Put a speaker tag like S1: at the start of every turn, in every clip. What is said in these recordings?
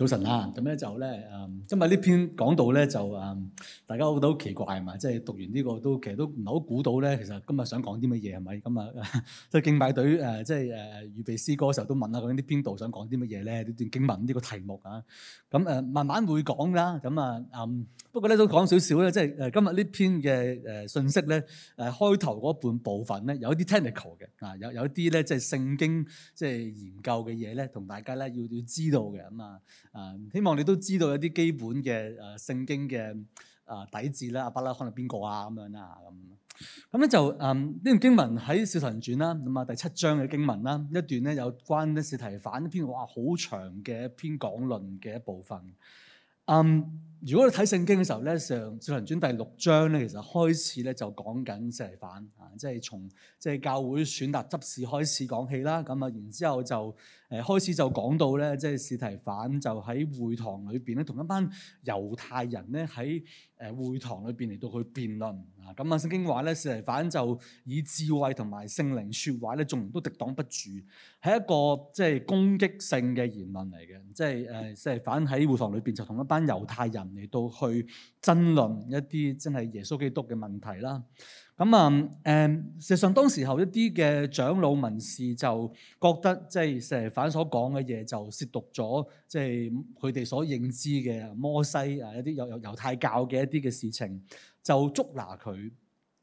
S1: 早晨啦，咁咧就咧，誒今日呢篇講到咧就誒，大家我覺得好奇怪係咪？即係讀完呢、呢個都其實都唔係好估到咧，其實今日想講啲乜嘢係咪咁啊？都敬拜隊誒，即係誒誒預備詩歌嘅時候都問下究竟呢篇道想講啲乜嘢咧？呢段經文呢個題目啊，咁誒慢慢會講啦。咁啊，嗯，不過咧都講少少咧，即係誒今日呢篇嘅誒信息咧，誒開頭嗰半部分咧有一啲 technical 嘅，啊有有啲咧即係聖經即係研究嘅嘢咧，同大家咧要要知道嘅咁啊。誒、uh, 希望你都知道一啲基本嘅誒、uh, 聖經嘅誒、uh, 底子啦，亞伯拉罕可能邊個啊咁樣啦、啊、咁。咁咧、啊、就誒一、um, 段經文喺《使徒行傳》啦，咁啊第七章嘅經文啦，一段咧有關呢司提反一篇，哇好長嘅一篇講論嘅一部分。Um, 如果你睇聖經嘅時候咧，上《使徒行傳第六章咧，其實開始咧就講緊司提反啊，即係從即係教會選擇執事開始講起啦。咁啊，然之後就誒開始就講到咧，即係司提反就喺會堂裏邊咧，同一班猶太人咧喺誒會堂裏邊嚟到去辯論啊。咁啊，聖經話咧，司提反就以智慧同埋聖靈説話咧，仲都敵擋不住，係一個即係攻擊性嘅言論嚟嘅。即係誒司提反喺會堂裏邊就同一班猶太人，嚟到去爭論一啲真係耶穌基督嘅問題啦，咁啊誒，事實上當時候一啲嘅長老文士就覺得即係司提反所講嘅嘢就褻瀆咗即係佢哋所認知嘅摩西啊一啲猶猶猶太教嘅一啲嘅事情，就捉拿佢。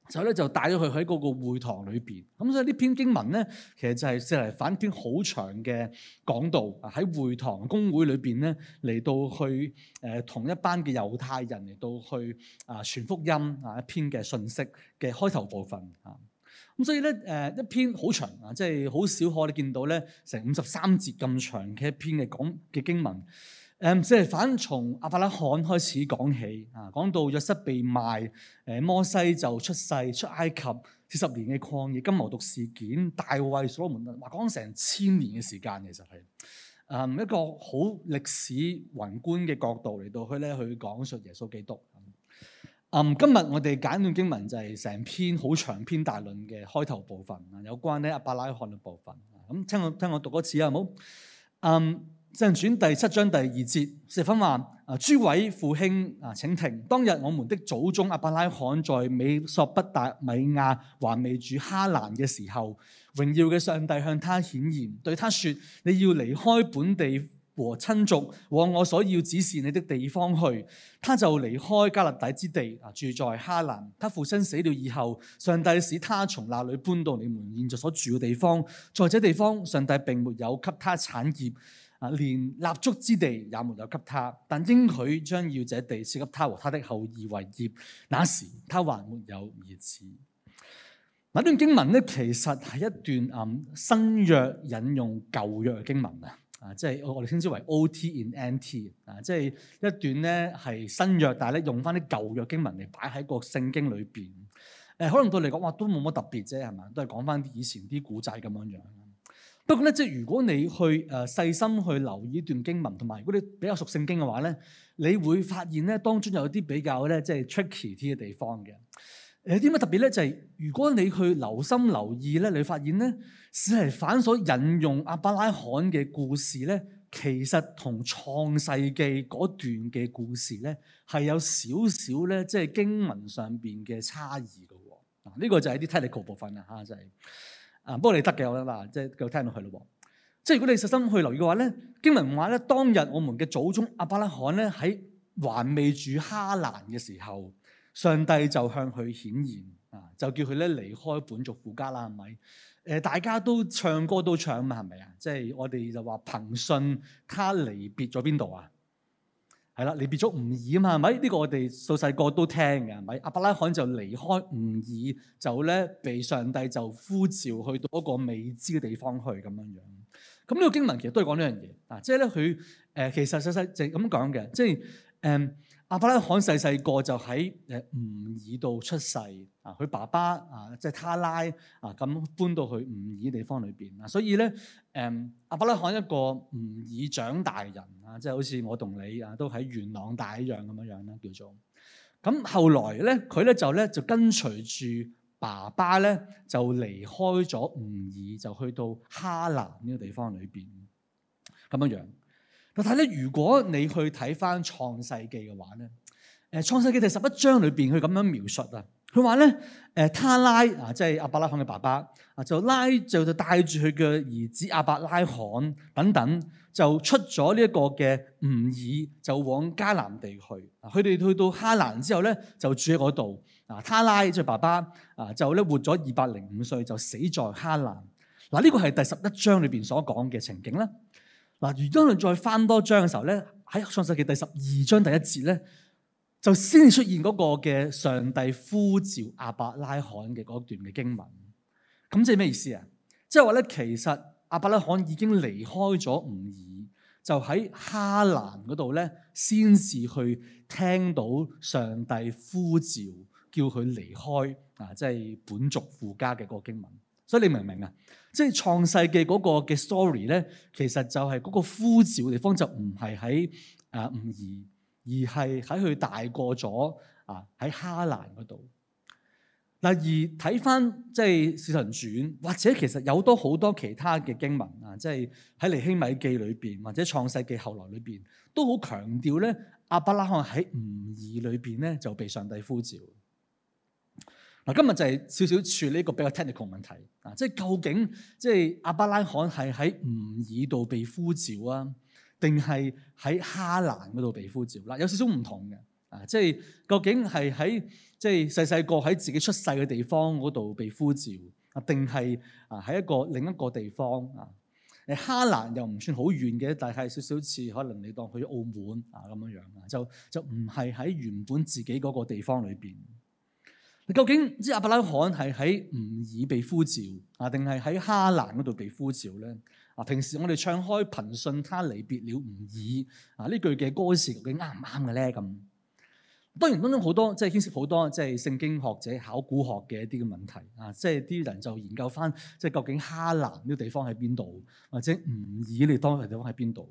S1: 所以咧就帶咗佢喺嗰個會堂裏邊，咁，所以呢篇經文咧其實就係即係一篇好長嘅講道，喺會堂公會裏邊咧嚟到去誒同一班嘅猶太人嚟到去啊傳福音啊一篇嘅信息嘅開頭部分啊咁，所以咧誒一篇好長啊，即係好少可以見到咧成五十三節咁長嘅一篇嘅講嘅經文。誒，即係反從阿伯拉罕開始講起，啊，講到約瑟被賣，誒，摩西就出世出埃及，四十年嘅曠野，金牛犢事件，大衛所羅門，話講成千年嘅時間，其實係，誒，一個好歷史宏觀嘅角度嚟到去咧去講述耶穌基督。誒，今日我哋簡短經文就係成篇好長篇大論嘅開頭部分啊，有關呢阿伯拉罕嘅部分。咁聽我聽我讀多次啊，好。嗯聖卷第七章第二節，司提反話。啊，諸位父兄啊，請聽。當日我們的祖宗亞伯拉罕在美索不達米亞還未住哈蘭嘅時候，榮耀嘅上帝向他顯現，對他說：你要離開本地和親族，往我所要指示你的地方去。他就離開迦勒底之地，啊，住在哈蘭。他父親死了以後，上帝使他從那裏搬到你們現在所住嘅地方。在這地方，上帝並沒有給他產業。啊，連立足之地也沒有給他，但應許將要這地賜給他和他的後裔為業。那時他還沒有兒子。那段經文咧，其實係一段啊新約引用舊約經文啊，啊，即係我哋稱之為 OT and NT 啊，即係一段咧係新約，但係咧用翻啲舊約經文嚟擺喺個聖經裏邊。誒，可能對你嚟講，哇，都冇乜特別啫，係嘛，都係講翻以前啲古仔咁樣樣。不過咧，即係如果你去誒細心去留意段經文，同埋如果你比較熟聖經嘅話咧，你會發現咧當中有啲比較咧即係 tricky 啲嘅地方嘅。有啲乜特別咧？就係、是、如果你去留心留意咧，你發現咧，司提反所引用亞伯拉罕嘅故事咧，其實同創世記嗰段嘅故事咧，係有少少咧即係經文上邊嘅差異嘅喎。呢、這個就係啲 technical 部分啦吓，就係。啊！不過你得嘅，我覺得即係夠聽到佢咯噃。即係如果你實心去留意嘅話咧，經文話咧，當日我們嘅祖宗亞伯拉罕咧，喺還未住哈蘭嘅時候，上帝就向佢顯現，啊，就叫佢咧離開本族父家啦，係咪？誒、呃，大家都唱歌都唱嘛，係咪啊？即係我哋就話憑信，他離別咗邊度啊？係啦，你別咗吾珥啊嘛，係咪？呢個我哋細細個都聽嘅，係咪？亞伯拉罕就離開吾珥，就咧被上帝就呼召去到一個未知嘅地方去咁樣樣。咁呢個經文其實都係講呢樣嘢，嗱，即係咧佢誒其實細細就咁講嘅，即係誒。嗯阿亞伯拉罕細細個就喺誒吾爾度出世啊，佢爸爸啊，即係他拉啊，咁搬到去吾爾地方裏邊啊，所以咧誒、嗯，阿亞伯拉罕一個吾爾長大人啊，即係好似我同你啊，都喺元朗大一樣咁樣樣啦，叫做咁。後來咧，佢咧就咧就跟隨住爸爸咧，就離開咗吾爾，就去到哈蘭呢個地方裏邊咁樣樣。但睇咧，如果你去睇翻《創世記》嘅話咧，誒《創世記》第十一章裏邊佢咁樣描述啊，佢話咧誒他拉啊，即係亞伯拉罕嘅爸爸啊，就拉就就帶住佢嘅兒子亞伯拉罕等等，就出咗呢一個嘅吾珥，就往迦南地去。佢哋去到哈蘭之後咧，就住喺嗰度。啊，他拉即係爸爸啊，就咧活咗二百零五歲，就死在哈蘭。嗱，呢個係第十一章裏邊所講嘅情景啦。嗱，如果你再翻多章嘅時候咧，喺創世記第十二章第一節咧，就先出現嗰個嘅上帝呼召亞伯拉罕嘅嗰段嘅經文。咁即係咩意思啊？即係話咧，其實亞伯拉罕已經離開咗吾珥，就喺哈蘭嗰度咧，先至去聽到上帝呼召，叫佢離開啊！即係本族父家嘅嗰個經文。所以你明唔明啊？即係創世記嗰個嘅 story 咧，其實就係嗰個呼召地方就唔係喺啊吾珥，而係喺佢大過咗啊，喺哈蘭嗰度。嗱，而睇返即係司提反，或者其實有好多好多其他嘅經文啊，即係喺《尼希米記》裏邊，或者創世記後來裏邊，都好強調咧，亞伯拉罕喺吾珥裏邊咧就被上帝呼召。嗱，今日就係少少處理一個比較 technical 問題啊，即係究竟即係亞伯拉罕係喺吾珥度被呼召啊，定係喺哈蘭嗰度被呼召？嗱、啊，有少少唔同嘅啊，即係究竟係喺即係細細個喺自己出世嘅地方嗰度被呼召啊，定係啊喺一個另一個地方啊？你哈蘭又唔算好遠嘅，但係少少似可能你當去澳門啊咁樣樣，就就唔係喺原本自己嗰個地方裏邊。究竟即係阿伯拉罕係喺吾爾被呼召啊，定係喺哈蘭嗰度被呼召咧？啊，平時我哋唱開《憑信他離別了吾爾》，啊呢句嘅歌詞究竟啱唔啱嘅咧？咁當然當中好多即係牽涉好多即係聖經學者考古學嘅一啲嘅問題啊，即係啲人就研究返即係究竟哈蘭呢個地方喺邊度，或者吾爾你當地地方喺邊度？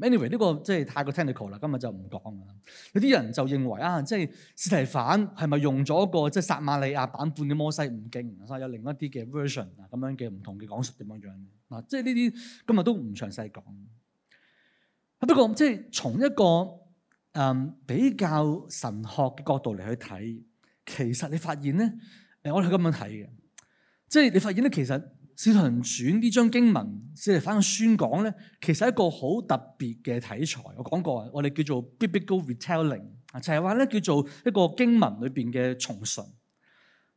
S1: Anyway，呢個即係太過 technical 啦，今日就唔講啦。有啲人就認為啊，即係司提反係咪用咗個即係撒瑪利亞版本嘅摩西五經，所以啊，有另一啲嘅 version 啊，咁樣嘅唔同嘅講述點樣樣嗱？即係呢啲今日都唔詳細講。不過即係從一個誒、嗯、比較神學嘅角度嚟去睇，其實你發現咧，我哋係咁樣睇嘅，即係你發現咧，其實。司提反轉呢張經文，司提反個宣講咧，其實係一個好特別嘅題材。我講過啊，我哋叫做 biblical retelling，就係話咧，叫做一個經文裏邊嘅重述。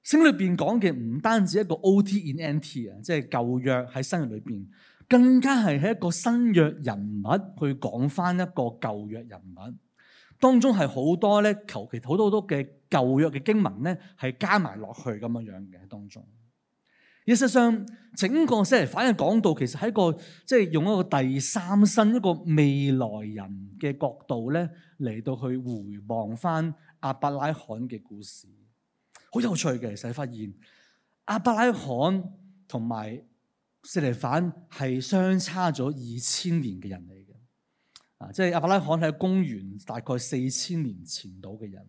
S1: 聖經裏邊講嘅唔單止一個 OT in NT 啊，即係舊約喺新約裏邊，更加係喺一個新約人物去講翻一個舊約人物。當中係好多咧，求其好多好多嘅舊約嘅經文咧，係加埋落去咁樣樣嘅當中。事實上，整個司提反嘅講道，其實係一個即係用一個第三身、一個未來人嘅角度咧，嚟到去回望翻亞伯拉罕嘅故事，好有趣嘅。實際發現，亞伯拉罕同埋司提反係相差咗二千年嘅人嚟嘅。啊，即係亞伯拉罕係公元大概四千年前到嘅人，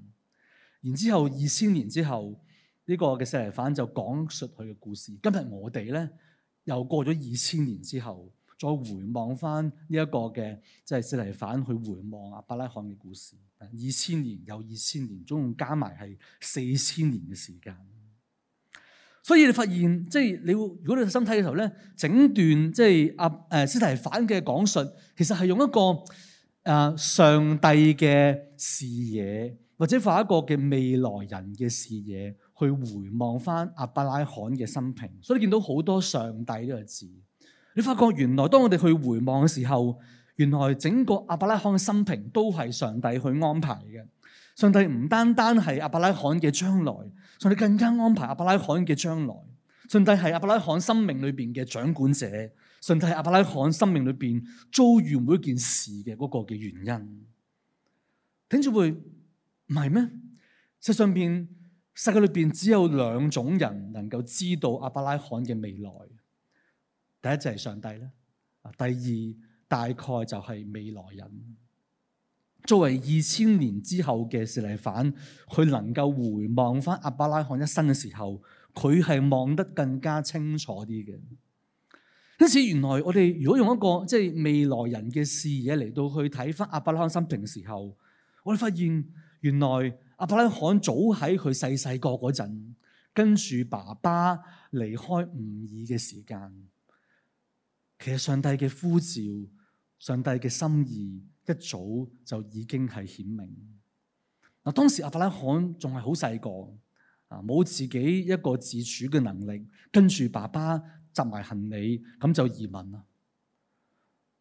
S1: 然之後二千年之後。呢個嘅司提反就講述佢嘅故事今。今日我哋咧又過咗二千年之後，再回望翻呢一個嘅即係司提反去回望阿伯拉罕嘅故事。二千年又二千年，總共加埋係四千年嘅時間。所以你發現即係你，如果你深睇嘅時候咧，整段即係阿誒司提反嘅講述，其實係用一個啊上帝嘅視野，或者話一個嘅未來人嘅視野。去回望翻亞伯拉罕嘅生平，所以見到好多上帝呢個字，你發覺原來當我哋去回望嘅時候，原來整個亞伯拉罕嘅生平都係上帝去安排嘅。上帝唔單單係亞伯拉罕嘅將來，上帝更加安排亞伯拉罕嘅將來。上帝係亞伯拉罕生命裏邊嘅掌管者，上帝係亞伯拉罕生命裏邊遭遇每一件事嘅嗰個嘅原因。頂住會唔係咩？事實、就是、上邊。世界裏邊只有兩種人能夠知道亞伯拉罕嘅未來，第一就係上帝啦，第二大概就係未來人。作為二千年之後嘅司提反，佢能夠回望翻亞伯拉罕一生嘅時候，佢係望得更加清楚啲嘅。因此，原來我哋如果用一個即係未來人嘅視野嚟到去睇翻亞伯拉罕生平嘅時候，我哋發現原來。亞伯拉罕早喺佢細細個嗰陣，跟住爸爸離開吾珥嘅時間，其實上帝嘅呼召、上帝嘅心意一早就已經係顯明。嗱，當時亞伯拉罕仲係好細個，啊，冇自己一個自主嘅能力，跟住爸爸執埋行李，咁就移民啦，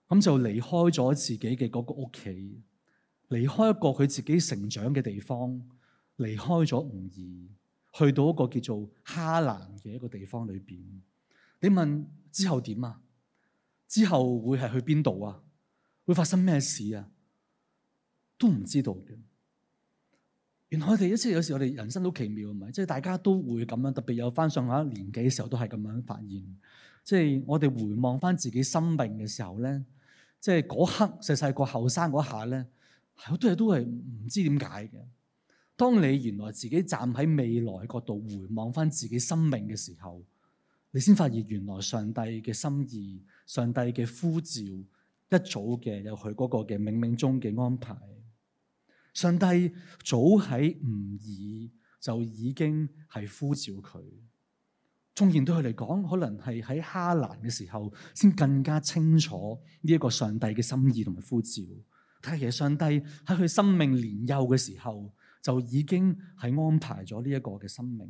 S1: 咁就離開咗自己嘅嗰個屋企。離開一個佢自己成長嘅地方，離開咗吾珥，去到一個叫做哈蘭嘅一個地方裏邊。你問之後點啊？之後會係去邊度啊？會發生咩事啊？都唔知道嘅。原來我哋即係有時我哋人生好奇妙，係咪？即係大家都會咁樣，特別有翻上下年紀嘅時候，都係咁樣發現。即係我哋回望翻自己生命嘅時候咧，即係嗰刻細細個後生嗰下咧。好多嘢都係唔知點解嘅。當你原來自己站喺未來角度回望返自己生命嘅時候，你先發現原來上帝嘅心意、上帝嘅呼召，一早嘅有佢嗰個嘅冥冥中嘅安排。上帝早喺吾珥就已經係呼召佢。縱然對佢嚟講，可能係喺哈蘭嘅時候，先更加清楚呢一個上帝嘅心意同埋呼召。睇嚟，上帝喺佢生命年幼嘅時候就已經係安排咗呢一個嘅生命。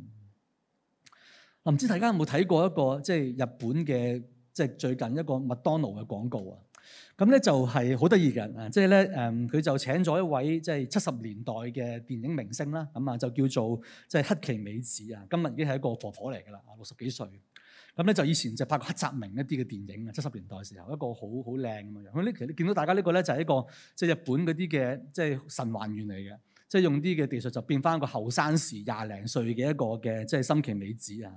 S1: 我、啊、唔知大家有冇睇過一個即係日本嘅即係最近一個麥當勞嘅廣告啊？咁、嗯、咧就係好得意嘅人啊！即係咧誒，佢、嗯、就請咗一位即係七十年代嘅電影明星啦，咁、嗯、啊就叫做即係黑崎美子啊。今日已經係一個婆婆嚟噶啦，啊六十幾歲。咁咧就以前就拍過黑澤明一啲嘅電影啊，七十年代時候一個好好靚咁樣。咁呢其實你見到大家呢個咧就係一個即係日本嗰啲嘅即係神還原嚟嘅，即係用啲嘅技術就變翻一個後生時廿零歲嘅一個嘅即係森田美子啊。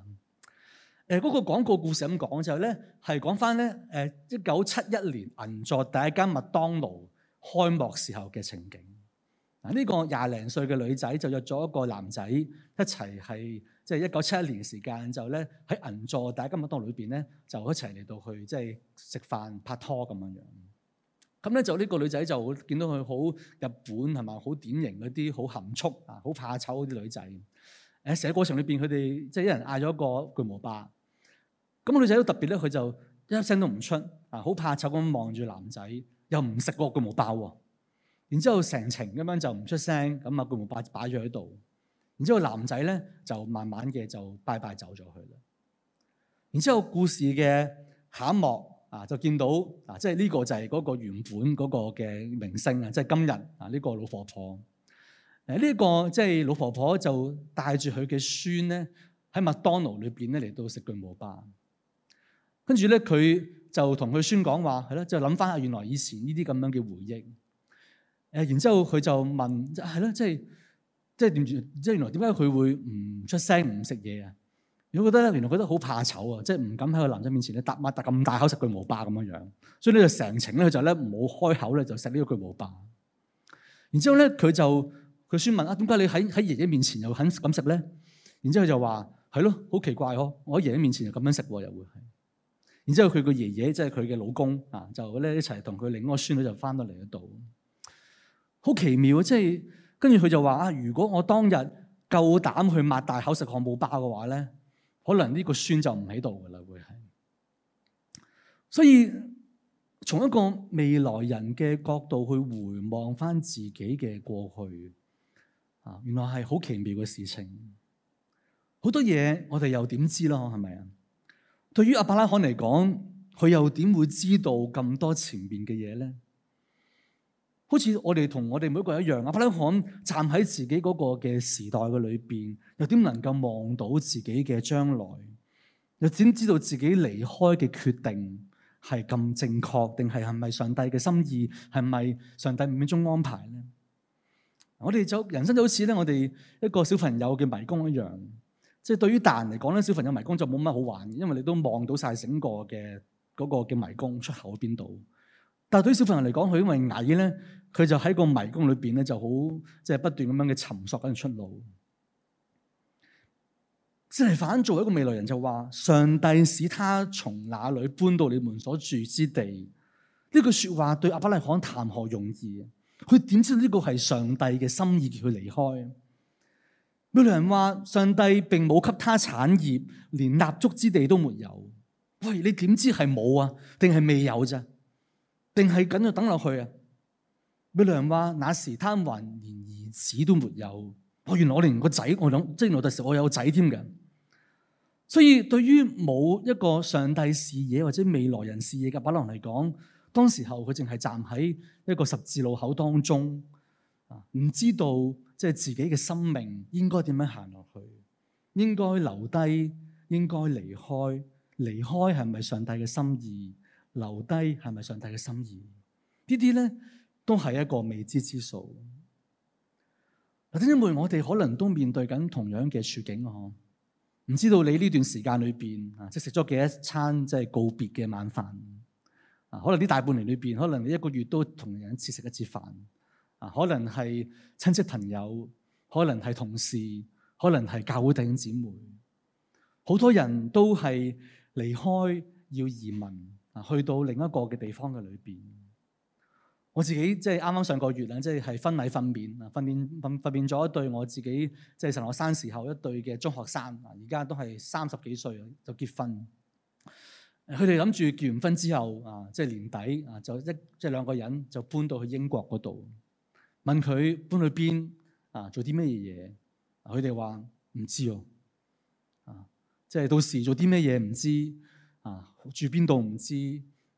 S1: 誒嗰個廣告故事咁講就係咧係講翻咧誒一九七一年銀座第一間麥當勞開幕時候嘅情景。嗱呢個廿零歲嘅女仔就約咗一個男仔一齊係，即係一九七一年嘅時間就咧喺銀座大家金物當裏邊咧就一齊嚟到去即係食飯拍拖咁樣樣。咁、嗯、咧就呢個女仔就見到佢好日本係嘛，好典型嗰啲好含蓄啊，好怕醜嗰啲女仔。喺寫過程裏邊，佢哋即係一人嗌咗一個巨無霸。咁個女仔都特別咧，佢就一聲都唔出啊，好怕醜咁望住男仔，又唔食個巨無霸喎。然之後成程咁樣就唔出聲，咁啊巨無霸擺咗喺度。然之後男仔咧就慢慢嘅就拜拜走咗去啦。然之後故事嘅下一幕啊，就見到啊，即係呢個就係嗰個原本嗰個嘅明星啦，即係今日啊呢個老婆婆。誒呢一個即係老婆婆就帶住佢嘅孫咧喺麥當勞裏邊咧嚟到食巨無霸，跟住咧佢就同佢孫講話係啦，就諗翻下原來以前呢啲咁樣嘅回憶。誒，然之後佢就問，啊、就係、是、咯，即係即係點住，即係原來點解佢會唔出聲、唔食嘢啊？我覺得咧，原來覺得好怕醜啊，即係唔敢喺個男仔面前咧，嗒嘛嗒咁大口食巨無霸咁樣樣，所以咧就成程咧，佢就咧唔好開口咧，就食呢個巨無霸。然之後咧，佢就佢先問啊，點解你喺喺爺爺面前又肯咁食咧？然之後就話係咯，好奇怪呵！我喺爺爺面前又咁樣食喎，又會係。然之後佢個爺爺即係佢嘅老公啊，就咧一齊同佢另一個孫女就翻到嚟嗰度。好奇妙，即係跟住佢就話、是、啊，如果我當日夠膽去擘大口食漢堡包嘅話咧，可能呢個孫就唔喺度噶啦會係。所以從一個未來人嘅角度去回望返自己嘅過去，啊，原來係好奇妙嘅事情。好多嘢我哋又點知咯，係咪啊？對於亞伯拉罕嚟講，佢又點會知道咁多前面嘅嘢咧？好似我哋同我哋每個人一樣啊！亞伯拉罕站喺自己嗰個嘅時代嘅裏邊，又點能夠望到自己嘅將來？又點知道自己離開嘅決定係咁正確，定係係咪上帝嘅心意？係咪上帝五秒鐘安排咧？我哋就人生就好似咧，我哋一個小朋友嘅迷宮一樣。即係對於大人嚟講咧，小朋友迷宮就冇乜好玩，因為你都望到晒整個嘅嗰個嘅迷宮出口邊度。但係對於小朋友嚟講，佢因為矮咧。佢就喺個迷宮裏邊咧，就好即係不斷咁樣嘅尋索緊出路。司提反做一個未來人就話：上帝使他從哪裏搬到你們所住之地？呢句說話對亞伯拉罕談何容易？佢點知呢個係上帝嘅心意叫佢離開？未來人話：上帝並冇給他產業，連立足之地都沒有。喂，你點知係冇啊？定係未有啫、啊？定係咁樣等落去啊？米良話：那時他還連兒子都沒有。我、哦、原來我連個仔，我諗即係我第時我有仔添嘅。所以對於冇一個上帝視野或者未來人視野嘅米良嚟講，當時候佢淨係站喺一個十字路口當中，啊，唔知道即係自己嘅生命應該點樣行落去，應該留低，應該離開，離開係咪上帝嘅心意？留低係咪上帝嘅心意？呢啲咧。都係一個未知之數，或者因為我哋可能都面對緊同樣嘅處境啊！唔知道你呢段時間裏邊啊，即係食咗幾多餐即係告別嘅晚飯啊？可能呢大半年裏邊，可能你一個月都同人一次食一次飯啊？可能係親戚朋友，可能係同事，可能係教會弟兄姊妹，好多人都係離開要移民啊，去到另一個嘅地方嘅裏邊。我自己即係啱啱上個月啊，即係係婚禮訓練啊，訓練訓訓練咗一對我自己即係神學生時候一對嘅中學生啊，而家都係三十幾歲就結婚。佢哋諗住結完婚之後啊，即係年底啊，就一即係兩個人就搬到去英國嗰度。問佢搬去邊啊，做啲咩嘢嘢？佢哋話唔知哦。啊，即係到時做啲咩嘢唔知啊，住邊度唔知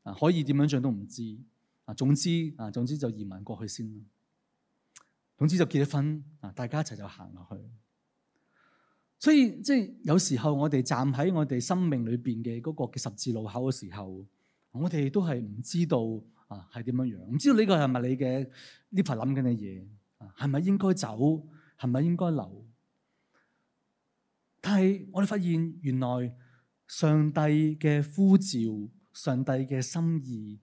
S1: 啊，可以點樣做都唔知。啊，總之啊，總之就移民過去先咯。總之就結咗婚啊，大家一齊就行落去。所以即係有時候我哋站喺我哋生命裏邊嘅嗰個嘅十字路口嘅時候，我哋都係唔知道啊係點樣樣，唔知道呢個係咪你嘅呢排諗緊嘅嘢啊，係咪應該走，係咪應該留？但係我哋發現原來上帝嘅呼召，上帝嘅心意。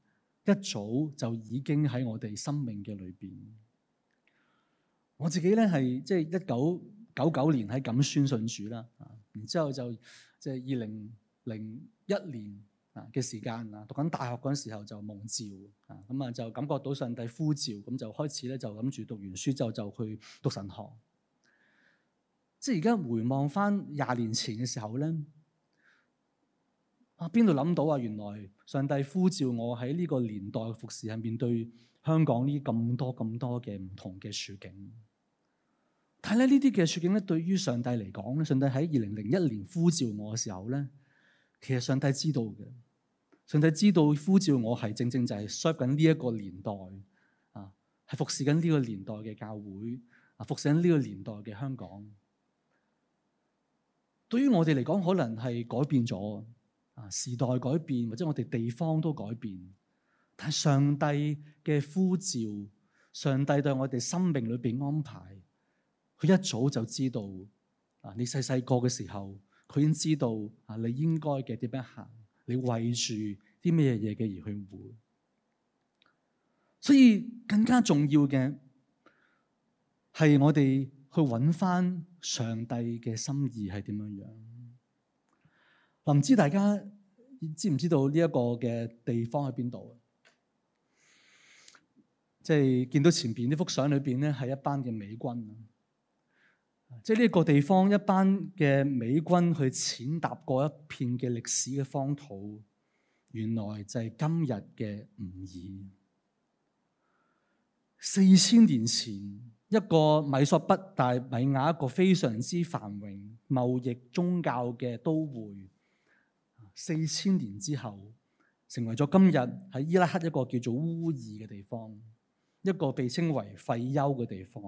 S1: 一早就已經喺我哋生命嘅裏邊。我自己咧，係即係一九九九年喺咁宣信主啦，然之後就即係二零零一年嘅時間啊，讀緊大學嗰陣時候就蒙召啊，咁啊就感覺到上帝呼召，咁就開始咧就諗住讀完書之後就就去讀神學。即係而家回望翻廿年前嘅時候咧。啊！邊度諗到啊？原來上帝呼召我喺呢個年代服侍係面對香港呢咁多咁多嘅唔同嘅處境。但係咧呢啲嘅處境咧，對於上帝嚟講咧，上帝喺二零零一年呼召我嘅時候咧，其實上帝知道嘅。上帝知道呼召我係正正就係 serve 緊呢一個年代啊，係服侍緊呢個年代嘅教會啊，服侍緊呢個年代嘅香港。對於我哋嚟講，可能係改變咗。啊！時代改變或者我哋地方都改變，但係上帝嘅呼召，上帝對我哋生命裏邊安排，佢一早就知道。啊，你細細個嘅時候，佢已經知道啊，你應該嘅點樣行，你為住啲咩嘢嘅而去活。所以更加重要嘅係我哋去揾翻上帝嘅心意係點樣樣。唔知大家知唔知道呢一個嘅地方喺邊度？即係見到前邊呢幅相裏邊咧，係一班嘅美軍。即係呢個地方，一班嘅美軍去踐踏過一片嘅歷史嘅荒土，原來就係今日嘅吾珥。四千年前，一個米索不大米亞，一個非常之繁榮、貿易、宗教嘅都會。四千年之後，成為咗今日喺伊拉克一個叫做烏爾嘅地方，一個被稱為廢丘嘅地方，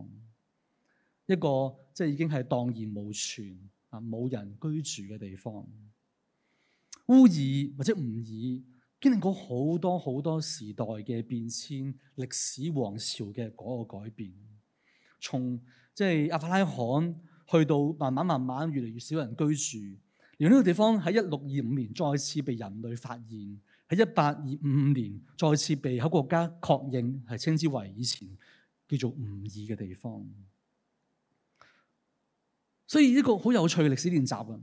S1: 一個即係已經係蕩然無存啊，冇人居住嘅地方。烏爾或者吳爾經歷過好多好多時代嘅變遷，歷史王朝嘅嗰個改變，從即係亞伯拉罕去到慢慢慢慢越嚟越少人居住。原呢個地方喺一六二五年再次被人類發現，喺一八二五年再次被某國家確認，係稱之為以前叫做吳二嘅地方。所以一個好有趣嘅歷史練習啊，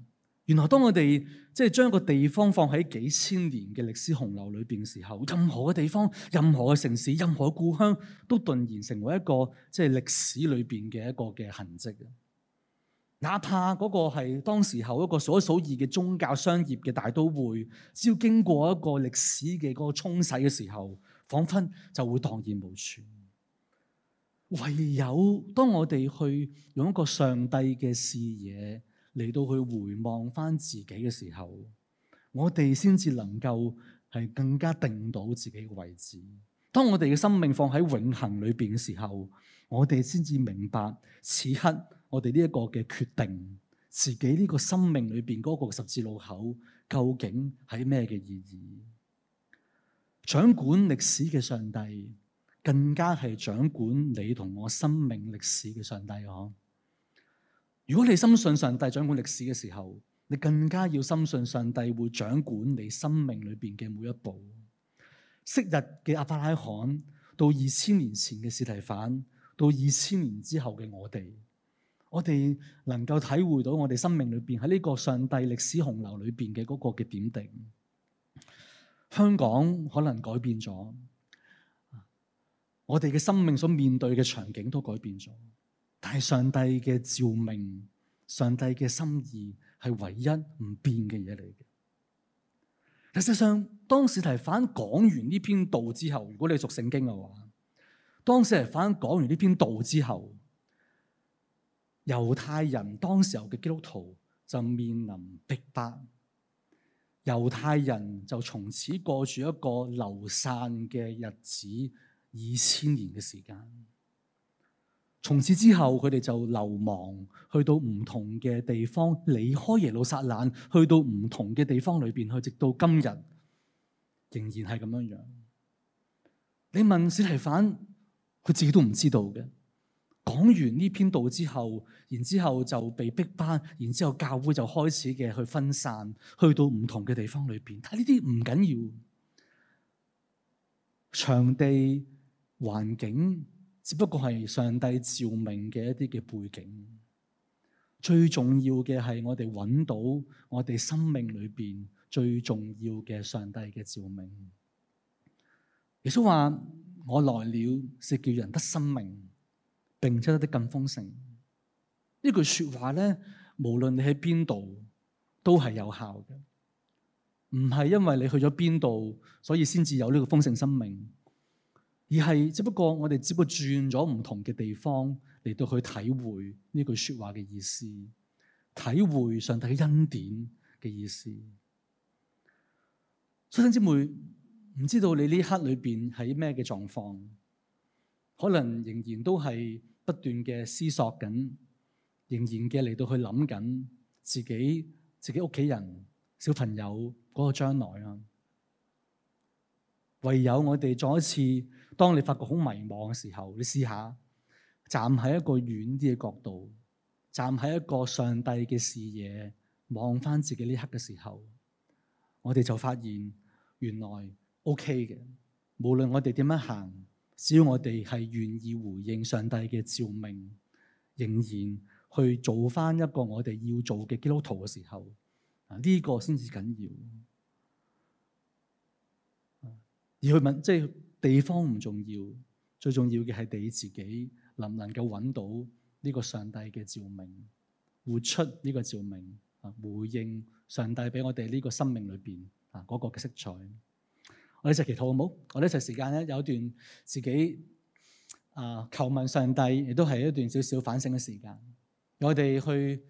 S1: 原來當我哋即係將個地方放喺幾千年嘅歷史洪流裏邊嘅時候，任何嘅地方、任何嘅城市、任何嘅故鄉，都頓然成為一個即係歷史裏邊嘅一個嘅痕跡。哪怕嗰個係當時候一個數一數二嘅宗教商業嘅大都會，只要經過一個歷史嘅嗰個沖洗嘅時候，彷彿就會蕩然無存。唯有當我哋去用一個上帝嘅視野嚟到去回望返自己嘅時候，我哋先至能夠係更加定到自己嘅位置。當我哋嘅生命放喺永恆裏邊嘅時候，我哋先至明白此刻。我哋呢一個嘅決定，自己呢個生命裏邊嗰個十字路口，究竟係咩嘅意義？掌管歷史嘅上帝，更加係掌管你同我生命歷史嘅上帝啊！如果你深信上帝掌管歷史嘅時候，你更加要深信上帝會掌管你生命裏邊嘅每一步。昔日嘅亞伯拉罕，到二千年前嘅司提反，到二千年之後嘅我哋。我哋能夠體會到我哋生命裏邊喺呢個上帝歷史洪流裏邊嘅嗰個嘅點滴。香港可能改變咗，我哋嘅生命所面對嘅場景都改變咗，但係上帝嘅召命、上帝嘅心意係唯一唔變嘅嘢嚟嘅。實際上，當司提反講完呢篇道之後，如果你讀聖經嘅話，當司提反講完呢篇道之後。猶太人當時候嘅基督徒就面臨逼迫，猶太人就從此過住一個流散嘅日子，二千年嘅時間。從此之後，佢哋就流亡去到唔同嘅地方，離開耶路撒冷，去到唔同嘅地方裏面去，直到今日仍然係咁樣樣。你問司提反，佢自己都唔知道嘅。講完呢篇道之後，然之後就被逼班，然之後教會就開始嘅去分散，去到唔同嘅地方裏邊。但係呢啲唔緊要，場地環境只不過係上帝照明嘅一啲嘅背景。最重要嘅係我哋揾到我哋生命裏邊最重要嘅上帝嘅照明。耶穌話：我來了，是叫人得生命。並且得啲更豐盛。呢句說話咧，無論你喺邊度都係有效嘅，唔係因為你去咗邊度，所以先至有呢個豐盛生命，而係只不過我哋只不過轉咗唔同嘅地方嚟到去體會呢句說話嘅意思，體會上帝嘅恩典嘅意思。初生姐妹，唔知道你呢一刻裏邊喺咩嘅狀況？可能仍然都係不斷嘅思索緊，仍然嘅嚟到去諗緊自己、自己屋企人、小朋友嗰個將來啊。唯有我哋再一次，當你發覺好迷茫嘅時候，你試下站喺一個遠啲嘅角度，站喺一個上帝嘅視野望翻自己呢刻嘅時候，我哋就發現原來 OK 嘅，無論我哋點樣行。只要我哋係願意回應上帝嘅照明，仍然去做翻一個我哋要做嘅基督徒嘅時候，啊呢個先至緊要啊。而去問即係地方唔重要，最重要嘅係你自己能唔能夠揾到呢個上帝嘅照明，活出呢個照明啊，回應上帝俾我哋呢個生命裏邊啊嗰個嘅色彩。我哋一齊祈禱好唔好？我哋一齊時間咧有段自己啊，求問上帝，亦都係一段少少反省嘅時間。我哋去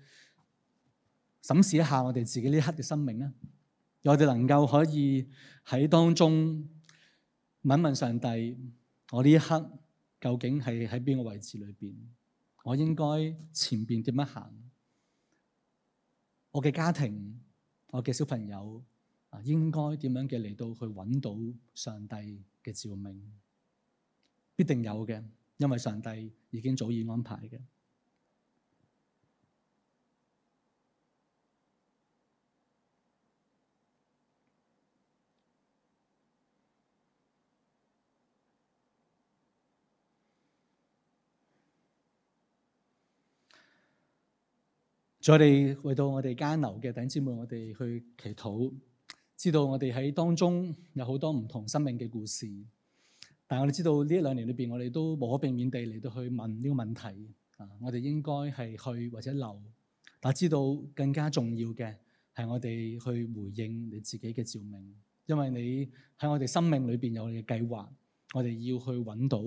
S1: 審視一下我哋自己呢一刻嘅生命啦。我哋能夠可以喺當中問問上帝，我呢一刻究竟係喺邊個位置裏邊？我應該前邊點樣行？我嘅家庭，我嘅小朋友。啊，應該點樣嘅嚟到去揾到上帝嘅召命，必定有嘅，因為上帝已經早已安排嘅。在我哋回到我哋間樓嘅弟兄姊妹，我哋去祈禱。知道我哋喺當中有好多唔同生命嘅故事，但我哋知道呢一兩年裏邊，我哋都無可避免地嚟到去問呢個問題：啊，我哋應該係去或者留？但知道更加重要嘅係我哋去回應你自己嘅召命。因為你喺我哋生命裏邊有你嘅計劃，我哋要去揾到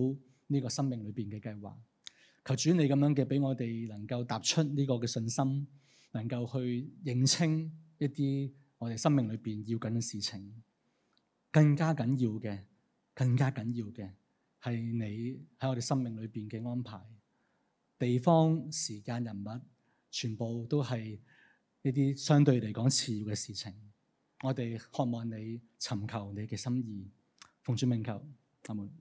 S1: 呢個生命裏邊嘅計劃。求主你咁樣嘅俾我哋能夠踏出呢個嘅信心，能夠去認清一啲。我哋生命裏邊要緊嘅事情，更加緊要嘅，更加緊要嘅係你喺我哋生命裏邊嘅安排，地方、時間、人物，全部都係呢啲相對嚟講次要嘅事情。我哋渴望你尋求你嘅心意，奉主命求，阿門。